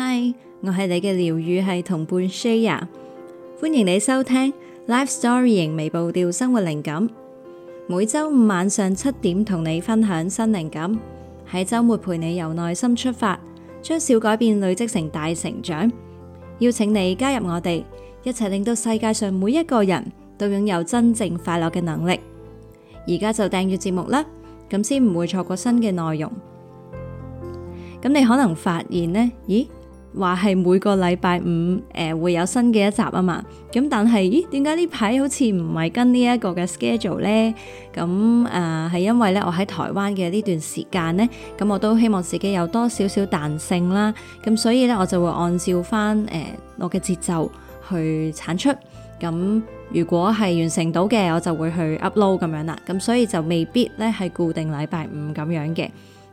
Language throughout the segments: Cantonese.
嗨，我係你嘅療愈系同伴 Shaya，歡迎你收聽 Life Storying 微步調生活靈感，每周五晚上七點同你分享新靈感，喺周末陪你由內心出發，將小改變累積成大成長。邀請你加入我哋，一齊令到世界上每一個人都擁有真正快樂嘅能力。而家就訂閱節目啦，咁先唔會錯過新嘅內容。咁你可能發現呢，咦？話係每個禮拜五誒、呃、會有新嘅一集啊嘛，咁但係，咦，點解呢排好似唔係跟呢一個嘅 schedule 咧？咁啊係因為咧，我喺台灣嘅呢段時間咧，咁我都希望自己有多少少彈性啦，咁所以咧，我就會按照返誒、呃、我嘅節奏去產出，咁如果係完成到嘅，我就會去 upload 咁樣啦，咁所以就未必咧係固定禮拜五咁樣嘅。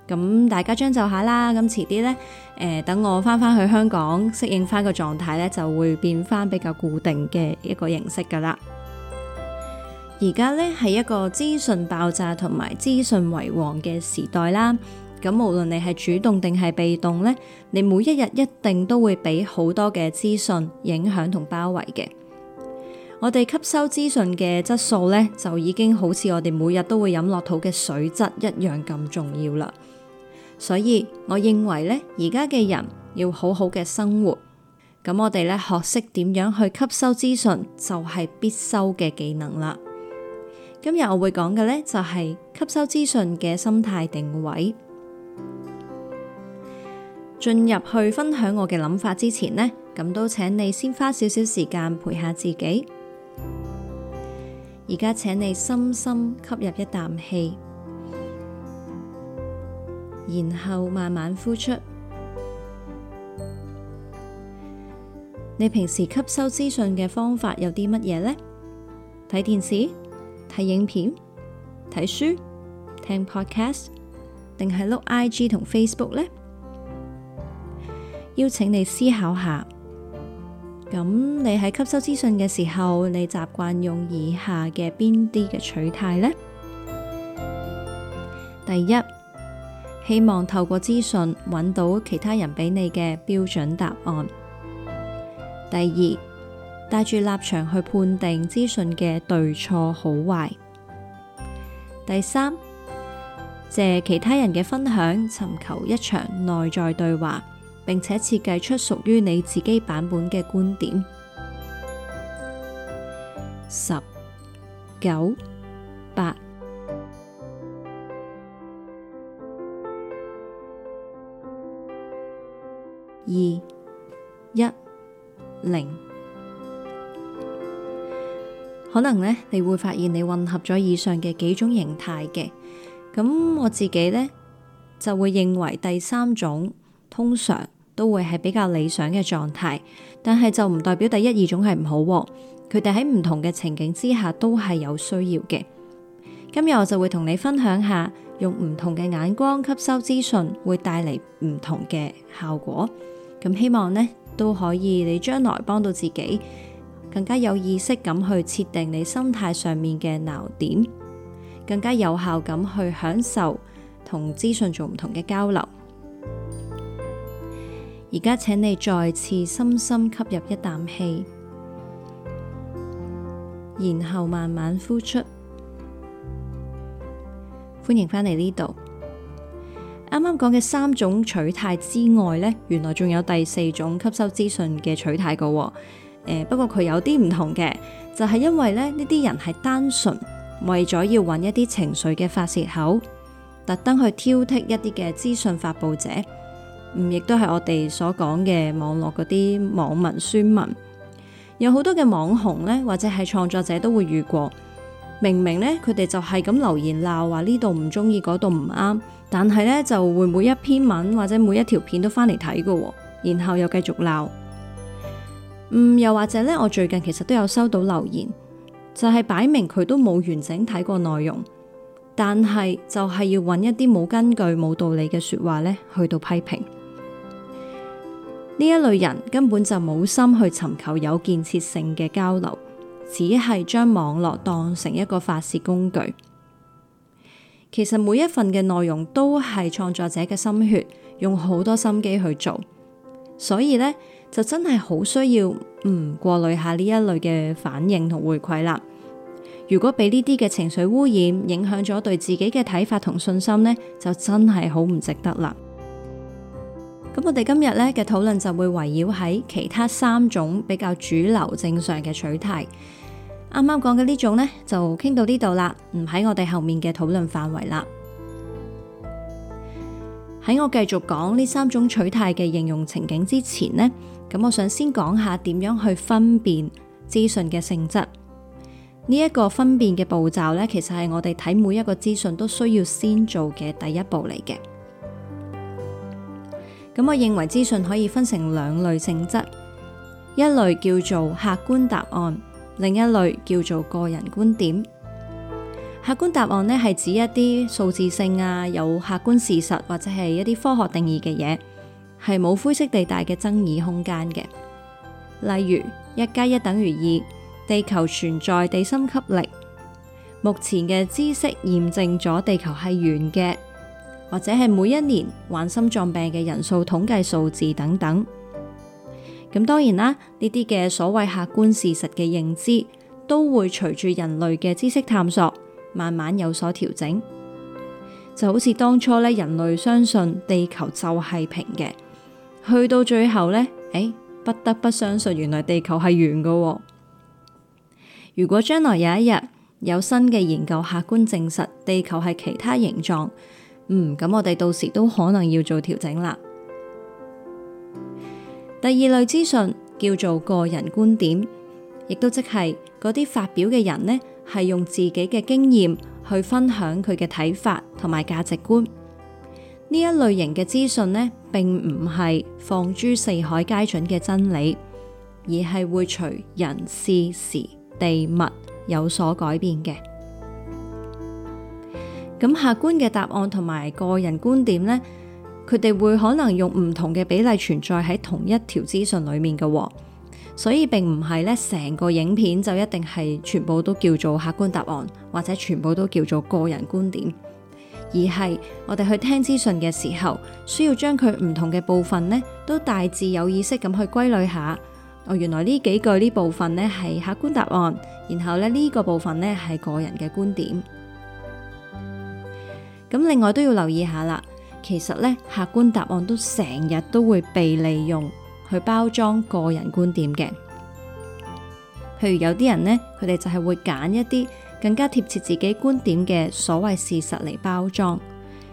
咁大家將就下啦。咁遲啲呢，誒、呃、等我翻返去香港，適應翻個狀態呢，就會變翻比較固定嘅一個形式㗎啦。而家呢，係一個資訊爆炸同埋資訊為王嘅時代啦。咁無論你係主動定係被動呢，你每一日一定都會俾好多嘅資訊影響同包圍嘅。我哋吸收資訊嘅質素呢，就已經好似我哋每日都會飲落肚嘅水質一樣咁重要啦。所以我認為呢，而家嘅人要好好嘅生活。咁我哋呢，學識點樣去吸收資訊，就係必修嘅技能啦。今日我會講嘅呢，就係吸收資訊嘅心態定位。進入去分享我嘅諗法之前呢，咁都請你先花少少時間陪下自己。而家請你深深吸入一啖氣。然後慢慢呼出。你平時吸收資訊嘅方法有啲乜嘢呢？睇電視、睇影片、睇書、聽 podcast，定係碌 IG 同 Facebook 呢？邀請你思考下。咁你喺吸收資訊嘅時候，你習慣用以下嘅邊啲嘅取態呢？第一。希望透過資訊揾到其他人俾你嘅標準答案。第二，帶住立場去判定資訊嘅對錯好壞。第三，借其他人嘅分享，尋求一場內在對話，並且設計出屬於你自己版本嘅觀點。十、九、八。二一零，可能呢，你會發現你混合咗以上嘅幾種形態嘅，咁我自己呢，就會認為第三種通常都會係比較理想嘅狀態，但係就唔代表第一二種係唔好，佢哋喺唔同嘅情景之下都係有需要嘅。今日我就會同你分享下，用唔同嘅眼光吸收資訊會帶嚟唔同嘅效果。咁希望呢都可以，你將來幫到自己，更加有意識咁去設定你心態上面嘅錨點，更加有效咁去享受同資訊做唔同嘅交流。而家請你再次深深吸入一啖氣，然後慢慢呼出。歡迎返嚟呢度。啱啱講嘅三種取態之外呢，原來仲有第四種吸收資訊嘅取態噶。誒、呃，不過佢有啲唔同嘅，就係、是、因為咧呢啲人係單純為咗要揾一啲情緒嘅發洩口，特登去挑剔一啲嘅資訊發佈者。嗯，亦都係我哋所講嘅網絡嗰啲網民宣文，有好多嘅網紅咧或者係創作者都會遇過。明明呢，佢哋就係咁留言鬧，話呢度唔中意，嗰度唔啱，但係呢，就會每一篇文或者每一條片都翻嚟睇噶，然後又繼續鬧。嗯，又或者呢，我最近其實都有收到留言，就係擺明佢都冇完整睇過內容，但係就係要揾一啲冇根據、冇道理嘅說話呢去到批評。呢一類人根本就冇心去尋求有建設性嘅交流。只係將網絡當成一個發泄工具，其實每一份嘅內容都係創作者嘅心血，用好多心機去做，所以呢，就真係好需要嗯過濾下呢一類嘅反應同回饋啦。如果俾呢啲嘅情緒污染，影響咗對自己嘅睇法同信心呢，就真係好唔值得啦。咁我哋今日咧嘅討論就會圍繞喺其他三種比較主流正常嘅取態。啱啱講嘅呢種呢，就傾到呢度啦，唔喺我哋後面嘅討論範圍啦。喺我繼續講呢三種取態嘅應用情景之前呢，咁我想先講下點樣去分辨資訊嘅性質。呢一個分辨嘅步驟呢，其實係我哋睇每一個資訊都需要先做嘅第一步嚟嘅。咁我認為資訊可以分成兩類性質，一類叫做客觀答案，另一類叫做個人觀點。客觀答案呢，係指一啲數字性啊，有客觀事實或者係一啲科學定義嘅嘢，係冇灰色地帶嘅爭議空間嘅。例如一加一等於二，2, 地球存在地心吸力，目前嘅知識驗證咗地球係圓嘅。或者係每一年患心臟病嘅人數統計數字等等，咁當然啦，呢啲嘅所謂客觀事實嘅認知都會隨住人類嘅知識探索，慢慢有所調整。就好似當初咧，人類相信地球就係平嘅，去到最後呢，誒、哎、不得不相信原來地球係圓嘅。如果將來有一日有新嘅研究客觀證實地球係其他形狀。嗯，咁我哋到時都可能要做調整啦。第二類資訊叫做個人觀點，亦都即係嗰啲發表嘅人呢，係用自己嘅經驗去分享佢嘅睇法同埋價值觀。呢一類型嘅資訊呢，並唔係放諸四海皆準嘅真理，而係會隨人、事、時、地、物有所改變嘅。咁客觀嘅答案同埋個人觀點呢，佢哋會可能用唔同嘅比例存在喺同一條資訊裏面嘅，哦，所以並唔係咧成個影片就一定係全部都叫做客觀答案，或者全部都叫做個人觀點，而係我哋去聽資訊嘅時候，需要將佢唔同嘅部分呢都大致有意識咁去歸類下。哦，原來呢幾句呢部分呢係客觀答案，然後咧呢、呢個部分呢係個人嘅觀點。咁另外都要留意下啦，其實咧客觀答案都成日都會被利用去包裝個人觀點嘅，譬如有啲人呢，佢哋就係會揀一啲更加貼切自己觀點嘅所謂事實嚟包裝，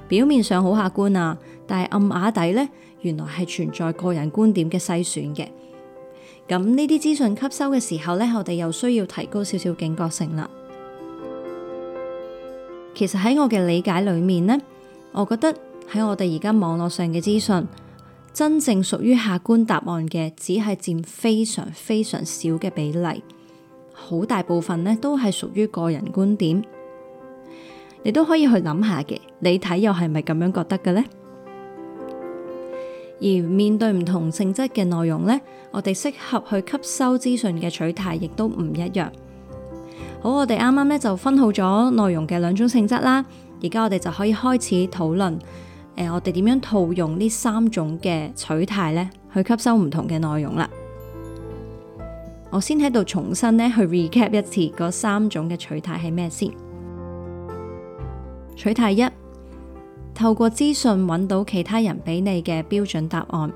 表面上好客觀啊，但係暗啞底呢，原來係存在個人觀點嘅篩選嘅。咁呢啲資訊吸收嘅時候呢，我哋又需要提高少少警覺性啦。其實喺我嘅理解裏面呢，我覺得喺我哋而家網絡上嘅資訊，真正屬於客觀答案嘅，只係佔非常非常少嘅比例，好大部分呢都係屬於個人觀點。你都可以去諗下嘅，你睇又係咪咁樣覺得嘅呢？而面對唔同性質嘅內容呢，我哋適合去吸收資訊嘅取態亦都唔一樣。好，我哋啱啱咧就分好咗內容嘅兩種性質啦，而家我哋就可以開始討論，誒、呃，我哋點樣套用呢三種嘅取態咧去吸收唔同嘅內容啦？我先喺度重新咧去 recap 一次嗰三種嘅取態係咩先？取態一，透過資訊揾到其他人俾你嘅標準答案；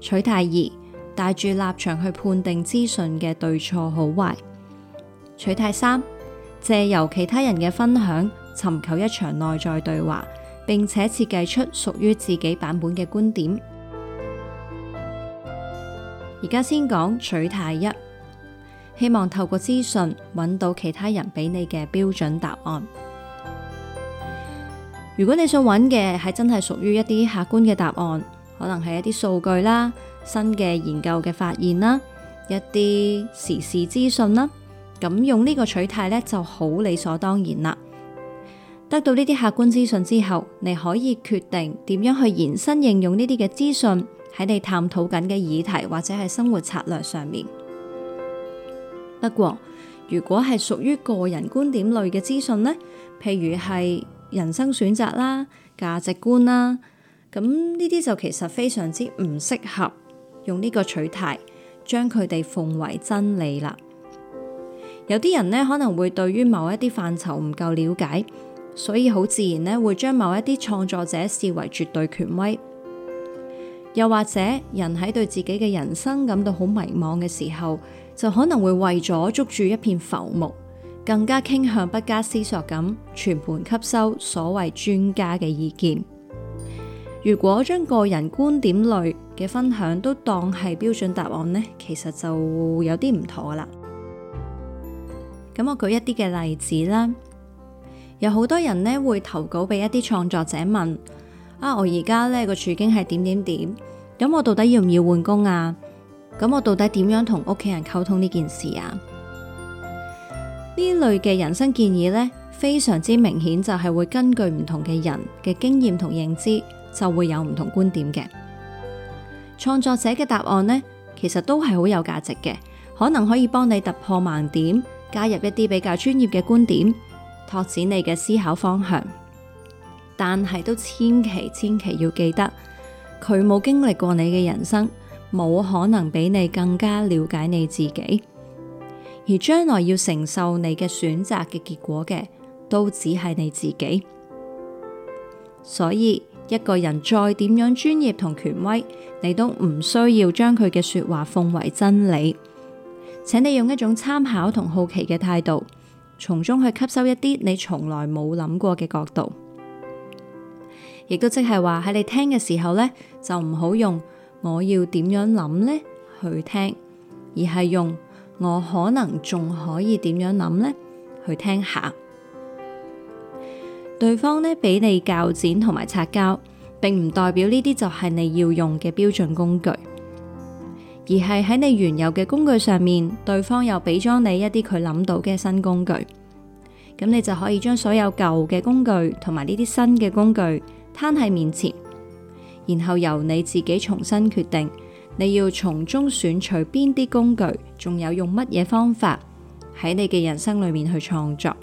取態二，帶住立場去判定資訊嘅對錯好壞。取態三，借由其他人嘅分享，尋求一場內在對話，並且設計出屬於自己版本嘅觀點。而家先講取態一，希望透過資訊揾到其他人俾你嘅標準答案。如果你想揾嘅係真係屬於一啲客觀嘅答案，可能係一啲數據啦、新嘅研究嘅發現啦、一啲時事資訊啦。咁用呢個取態咧，就好理所當然啦。得到呢啲客觀資訊之後，你可以決定點樣去延伸應用呢啲嘅資訊喺你探討緊嘅議題或者係生活策略上面。不過，如果係屬於個人觀點類嘅資訊呢，譬如係人生選擇啦、價值觀啦，咁呢啲就其實非常之唔適合用呢個取態將佢哋奉為真理啦。有啲人呢，可能會對於某一啲範疇唔夠了解，所以好自然呢，會將某一啲創作者視為絕對權威。又或者，人喺對自己嘅人生感到好迷茫嘅時候，就可能會為咗捉住一片浮木，更加傾向不加思索咁全盤吸收所謂專家嘅意見。如果將個人觀點類嘅分享都當係標準答案呢，其實就有啲唔妥啦。咁我舉一啲嘅例子啦，有好多人呢會投稿俾一啲創作者問：啊，我而家呢個處境係點點點，咁我到底要唔要換工啊？咁我到底點樣同屋企人溝通呢件事啊？呢類嘅人生建議呢，非常之明顯就係會根據唔同嘅人嘅經驗同認知，就會有唔同觀點嘅。創作者嘅答案呢，其實都係好有價值嘅，可能可以幫你突破盲點。加入一啲比較專業嘅觀點，拓展你嘅思考方向，但係都千祈千祈要記得，佢冇經歷過你嘅人生，冇可能比你更加了解你自己，而將來要承受你嘅選擇嘅結果嘅，都只係你自己。所以一個人再點樣專業同權威，你都唔需要將佢嘅說話奉為真理。請你用一種參考同好奇嘅態度，從中去吸收一啲你從來冇諗過嘅角度，亦都即係話喺你聽嘅時候咧，就唔好用「我要點樣諗呢？」去聽，而係用「我可能仲可以點樣諗呢？」去聽下。對方呢，畀你較剪同埋擦膠，並唔代表呢啲就係你要用嘅標準工具。而係喺你原有嘅工具上面，對方又俾咗你一啲佢諗到嘅新工具，咁你就可以將所有舊嘅工具同埋呢啲新嘅工具攤喺面前，然後由你自己重新決定你要從中選取邊啲工具，仲有用乜嘢方法喺你嘅人生裏面去創作。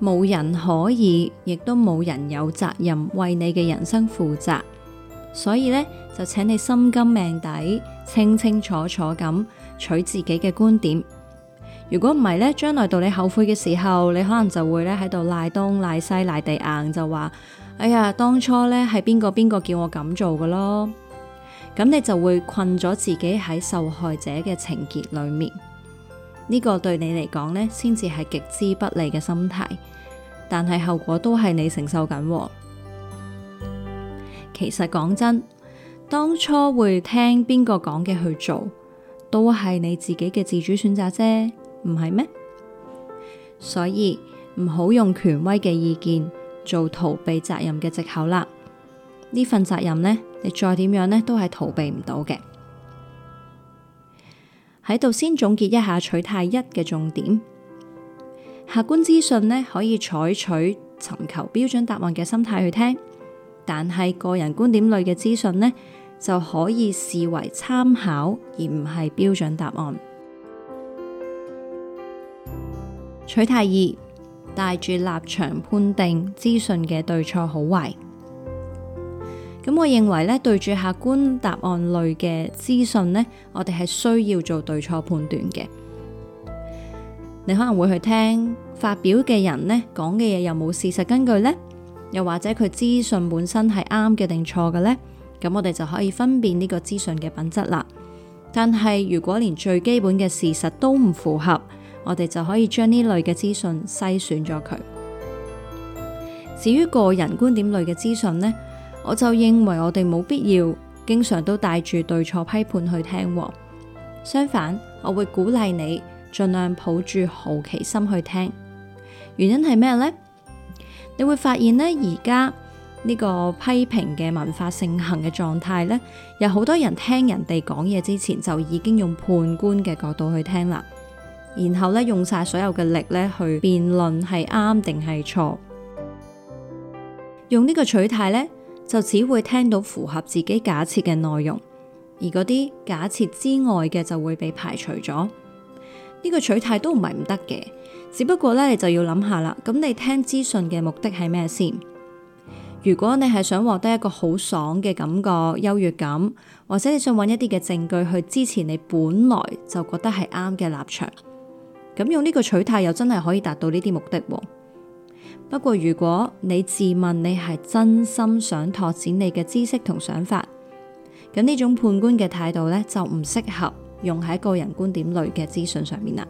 冇人可以，亦都冇人有責任為你嘅人生負責。所以咧，就請你心甘命抵，清清楚楚咁取自己嘅觀點。如果唔係咧，將來到你後悔嘅時候，你可能就會咧喺度賴東賴西賴地硬，就話：哎呀，當初咧係邊個邊個叫我咁做嘅咯。咁你就會困咗自己喺受害者嘅情結裏面。呢個對你嚟講咧，先至係極之不利嘅心態，但係後果都係你承受緊喎。其實講真，當初會聽邊個講嘅去做，都係你自己嘅自主選擇啫，唔係咩？所以唔好用權威嘅意見做逃避責任嘅借口啦。呢份責任呢，你再點樣呢都係逃避唔到嘅。喺度先總結一下取態一嘅重點。客觀資訊呢，可以採取尋求標準答案嘅心態去聽。但係個人觀點類嘅資訊呢，就可以視為參考而唔係標準答案。取態二，帶住立場判定資訊嘅對錯好壞。咁我認為咧，對住客觀答案類嘅資訊呢，我哋係需要做對錯判斷嘅。你可能會去聽發表嘅人呢講嘅嘢有冇事實根據呢？又或者佢資訊本身係啱嘅定錯嘅呢？咁我哋就可以分辨呢個資訊嘅品質啦。但係如果連最基本嘅事實都唔符合，我哋就可以將呢類嘅資訊篩選咗佢。至於個人觀點類嘅資訊呢，我就認為我哋冇必要經常都帶住對錯批判去聽。相反，我會鼓勵你盡量抱住好奇心去聽。原因係咩呢？你會發現呢，而家呢個批評嘅文化盛行嘅狀態呢，有好多人聽人哋講嘢之前就已經用判官嘅角度去聽啦，然後咧用晒所有嘅力咧去辯論係啱定係錯。用呢個取態呢，就只會聽到符合自己假設嘅內容，而嗰啲假設之外嘅就會被排除咗。呢個取態都唔係唔得嘅。只不過咧，你就要諗下啦。咁你聽資訊嘅目的係咩先？如果你係想獲得一個好爽嘅感覺、優越感，或者你想揾一啲嘅證據去支持你本來就覺得係啱嘅立場，咁用呢個取態又真係可以達到呢啲目的。不過如果你自問你係真心想拓展你嘅知識同想法，咁呢種判官嘅態度咧就唔適合用喺個人觀點類嘅資訊上面啦。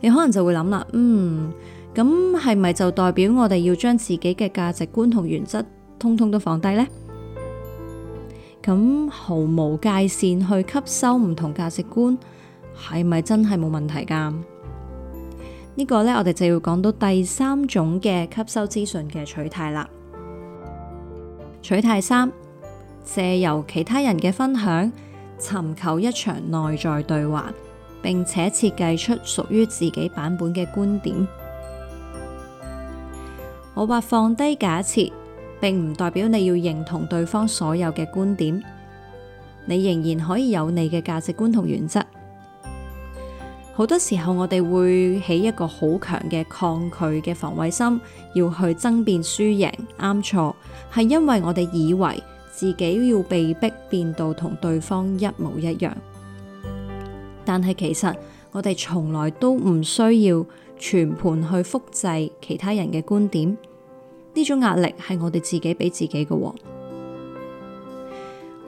你可能就會諗啦，嗯，咁係咪就代表我哋要將自己嘅價值觀同原則通通都放低呢？咁毫無界線去吸收唔同價值觀，係咪真係冇問題噶？呢個呢，我哋就要講到第三種嘅吸收資訊嘅取態啦。取態三，借由其他人嘅分享，尋求一場內在對話。並且設計出屬於自己版本嘅觀點。我話放低假設，並唔代表你要認同對方所有嘅觀點，你仍然可以有你嘅價值觀同原則。好多時候，我哋會起一個好強嘅抗拒嘅防衛心，要去爭辯輸贏啱錯，係因為我哋以為自己要被逼變到同對方一模一樣。但係其實我哋從來都唔需要全盤去複製其他人嘅觀點，呢種壓力係我哋自己俾自己嘅。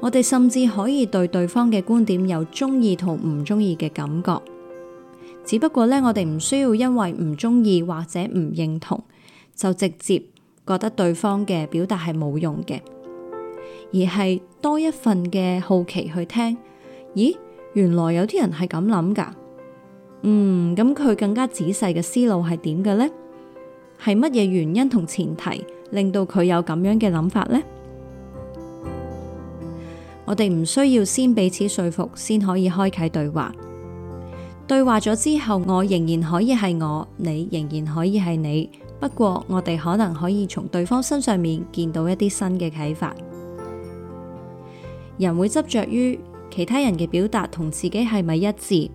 我哋甚至可以對對方嘅觀點有中意同唔中意嘅感覺，只不過呢，我哋唔需要因為唔中意或者唔認同就直接覺得對方嘅表達係冇用嘅，而係多一份嘅好奇去聽，咦？原來有啲人係咁諗噶，嗯，咁佢更加仔細嘅思路係點嘅呢？係乜嘢原因同前提令到佢有咁樣嘅諗法呢？我哋唔需要先彼此說服，先可以開啟對話。對話咗之後，我仍然可以係我，你仍然可以係你。不過，我哋可能可以從對方身上面見到一啲新嘅啟發。人會執着於其他人嘅表達同自己係咪一致？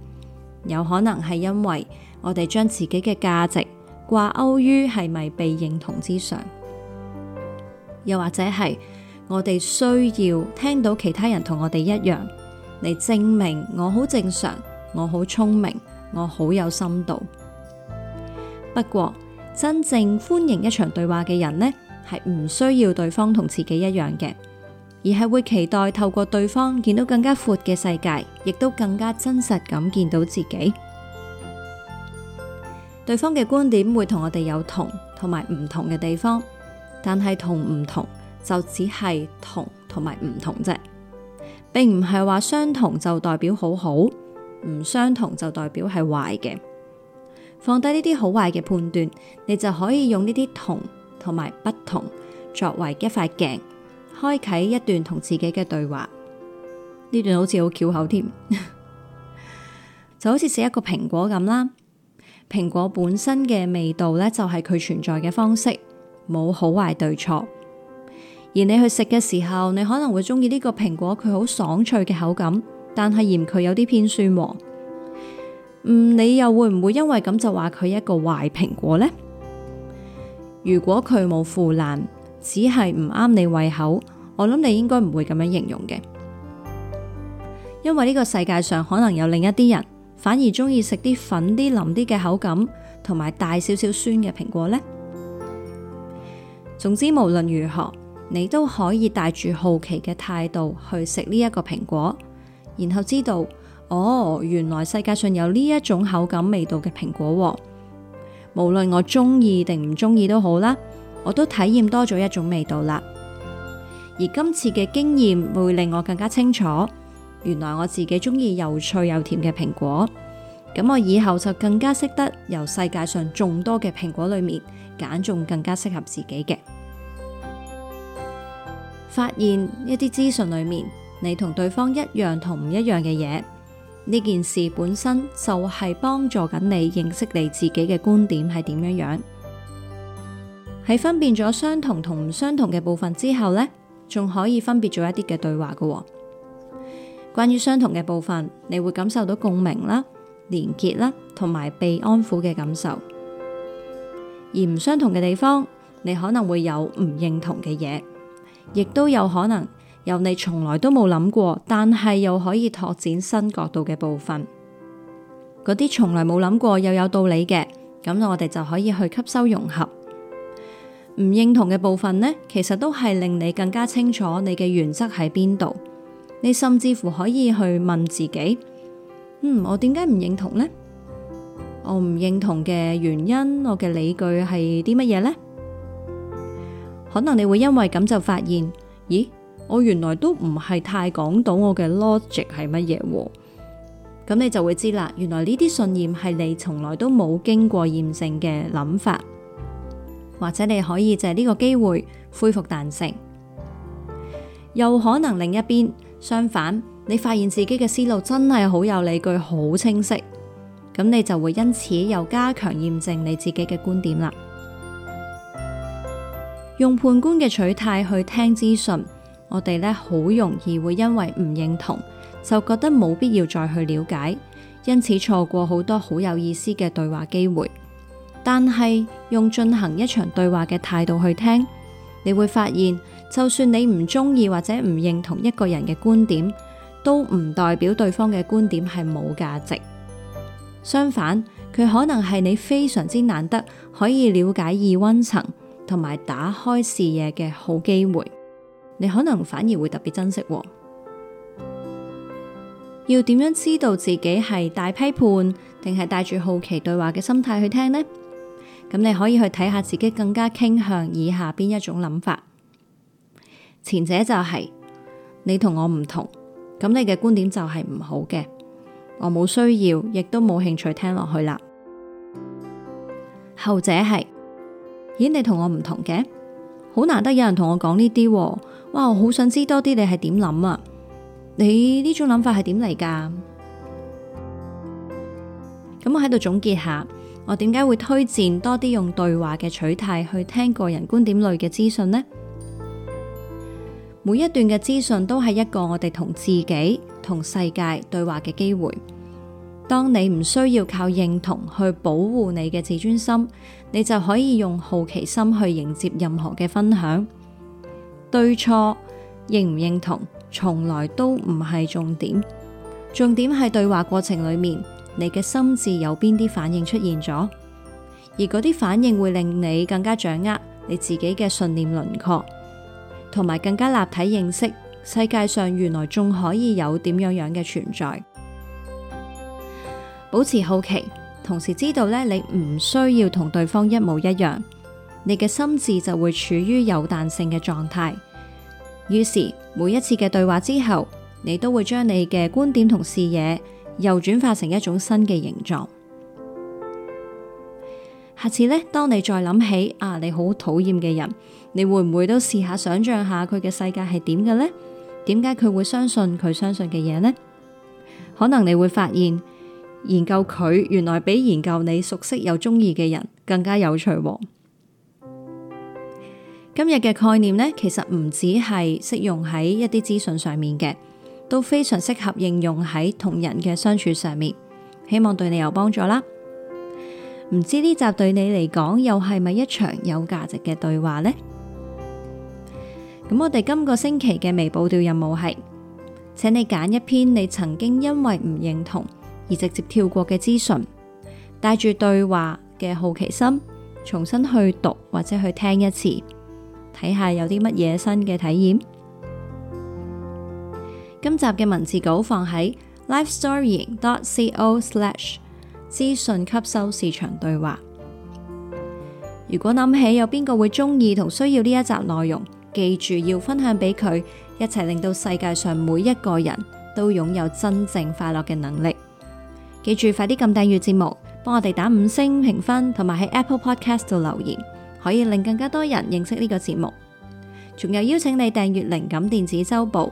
有可能係因為我哋將自己嘅價值掛鈎於係咪被認同之上，又或者係我哋需要聽到其他人同我哋一樣，嚟證明我好正常，我好聰明，我好有深度。不過真正歡迎一場對話嘅人呢，係唔需要對方同自己一樣嘅。而係會期待透過對方見到更加闊嘅世界，亦都更加真實咁見到自己。對方嘅觀點會同我哋有同同埋唔同嘅地方，但係同唔同就只係同同埋唔同啫，並唔係話相同就代表好好，唔相同就代表係壞嘅。放低呢啲好壞嘅判斷，你就可以用呢啲同同埋不同作為一塊鏡。開啟一段同自己嘅對話，呢段好似好巧口添， 就好似食一個蘋果咁啦。蘋果本身嘅味道呢，就係佢存在嘅方式，冇好壞對錯。而你去食嘅時候，你可能會中意呢個蘋果，佢好爽脆嘅口感，但係嫌佢有啲偏酸。嗯，你又會唔會因為咁就話佢一個壞蘋果呢？如果佢冇腐爛。只係唔啱你胃口，我諗你應該唔會咁樣形容嘅，因為呢個世界上可能有另一啲人反而中意食啲粉啲、腍啲嘅口感，同埋大少少酸嘅蘋果呢。總之無論如何，你都可以帶住好奇嘅態度去食呢一個蘋果，然後知道哦，原來世界上有呢一種口感味道嘅蘋果喎。無論我中意定唔中意都好啦。我都體驗多咗一種味道啦，而今次嘅經驗會令我更加清楚，原來我自己中意又脆又甜嘅蘋果，咁我以後就更加識得由世界上眾多嘅蘋果裏面揀中更加適合自己嘅。發現一啲資訊裏面你同對方一樣同唔一樣嘅嘢，呢件事本身就係幫助緊你認識你自己嘅觀點係點樣樣。喺分辨咗相同同唔相同嘅部分之後呢，仲可以分別咗一啲嘅對話噶、哦。關於相同嘅部分，你會感受到共鳴啦、連結啦，同埋被安撫嘅感受；而唔相同嘅地方，你可能會有唔認同嘅嘢，亦都有可能由你從來都冇諗過，但係又可以拓展新角度嘅部分。嗰啲從來冇諗過又有道理嘅，咁我哋就可以去吸收融合。唔認同嘅部分呢，其實都係令你更加清楚你嘅原則喺邊度。你甚至乎可以去問自己：嗯，我點解唔認同呢？我唔認同嘅原因，我嘅理據係啲乜嘢呢？」可能你會因為咁就發現，咦，我原來都唔係太講到我嘅 logic 係乜嘢。咁你就會知啦，原來呢啲信念係你從來都冇經過驗證嘅諗法。或者你可以借呢個機會恢復彈性，又可能另一邊相反，你發現自己嘅思路真係好有理據，好清晰，咁你就會因此又加強驗證你自己嘅觀點啦。用判官嘅取態去聽資訊，我哋呢好容易會因為唔認同，就覺得冇必要再去了解，因此錯過好多好有意思嘅對話機會。但係用進行一場對話嘅態度去聽，你會發現，就算你唔中意或者唔認同一個人嘅觀點，都唔代表對方嘅觀點係冇價值。相反，佢可能係你非常之難得可以了解異溫層同埋打開視野嘅好機會。你可能反而會特別珍惜。要點樣知道自己係大批判，定係帶住好奇對話嘅心態去聽呢？咁你可以去睇下自己更加傾向以下邊一種諗法，前者就係，你同我唔同，咁你嘅觀點就係唔好嘅，我冇需要，亦都冇興趣聽落去啦。後者係，咦？你同我唔同嘅，好難得有人同我講呢啲，哇！我好想知多啲你係點諗啊？你呢種諗法係點嚟噶？咁我喺度總結下。我點解會推薦多啲用對話嘅取態去聽個人觀點類嘅資訊呢？每一段嘅資訊都係一個我哋同自己、同世界對話嘅機會。當你唔需要靠認同去保護你嘅自尊心，你就可以用好奇心去迎接任何嘅分享。對錯、認唔認同，從來都唔係重點。重點係對話過程裏面。你嘅心智有邊啲反應出現咗，而嗰啲反應會令你更加掌握你自己嘅信念輪廓，同埋更加立體認識世界上原來仲可以有點樣樣嘅存在。保持好奇，同時知道咧你唔需要同對方一模一樣，你嘅心智就會處於有彈性嘅狀態。於是每一次嘅對話之後，你都會將你嘅觀點同視野。又轉化成一種新嘅形狀。下次呢，當你再諗起啊，你好討厭嘅人，你會唔會都試下想像下佢嘅世界係點嘅呢？點解佢會相信佢相信嘅嘢呢？可能你會發現研究佢原來比研究你熟悉又鍾意嘅人更加有趣喎，哦。今日嘅概念呢，其實唔只係適用喺一啲資訊上面嘅。都非常適合應用喺同人嘅相處上面，希望對你有幫助啦。唔知呢集對你嚟講，又係咪一場有價值嘅對話呢？咁我哋今個星期嘅微步調任務係，請你揀一篇你曾經因為唔認同而直接跳過嘅資訊，帶住對話嘅好奇心，重新去讀或者去聽一次，睇下有啲乜嘢新嘅體驗。今集嘅文字稿放喺 lifestorying.co/ 資訊吸收是場對話。如果諗起有邊個會中意同需要呢一集內容，記住要分享俾佢，一齊令到世界上每一個人都擁有真正快樂嘅能力。記住快啲撳訂閱節目，幫我哋打五星評分，同埋喺 Apple Podcast 度留言，可以令更加多人認識呢個節目。仲有邀請你訂閱靈感電子周報。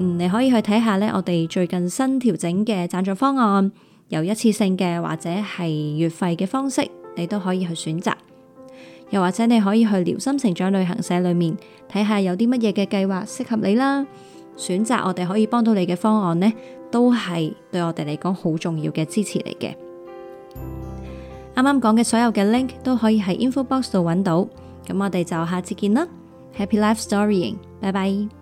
嗯，你可以去睇下呢，我哋最近新調整嘅贊助方案，由一次性嘅或者係月費嘅方式，你都可以去選擇。又或者你可以去療心成長旅行社裏面睇下有啲乜嘢嘅計劃適合你啦。選擇我哋可以幫到你嘅方案呢，都係對我哋嚟講好重要嘅支持嚟嘅。啱啱講嘅所有嘅 link 都可以喺 infobox 度揾到。咁我哋就下次見啦，Happy Life Storying，拜拜。